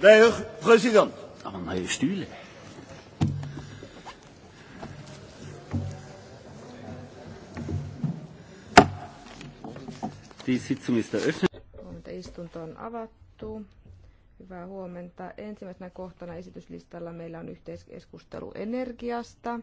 De heer president. Han har ju style. Istunto on avattu. Hyvää huomenta. Ensimmäisenä kohtana esityslistalla meillä on yhteiskeskustelu energiasta.